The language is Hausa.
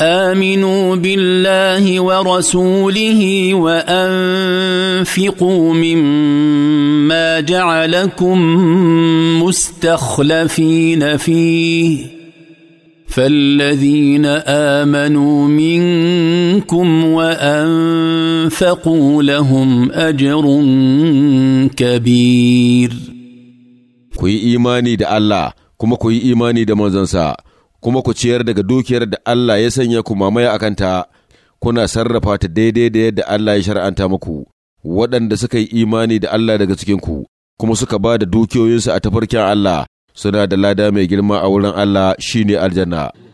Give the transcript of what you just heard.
امنوا بالله ورسوله وانفقوا مما جعلكم مستخلفين فيه فالذين امنوا منكم وانفقوا لهم اجر كبير كوي ايماني دا الله كما كوي ايماني دا منزنسا kuma ku ciyar daga dukiyar da Allah ya sanya ku mamaya a kanta, kuna sarrafa ta daidai da yadda Allah ya shar'anta muku, waɗanda suka yi imani da Allah daga cikinku, kuma suka ba da dukiyoyinsu a tafarkin Allah, suna da lada mai girma a wurin Allah shi ne aljanna.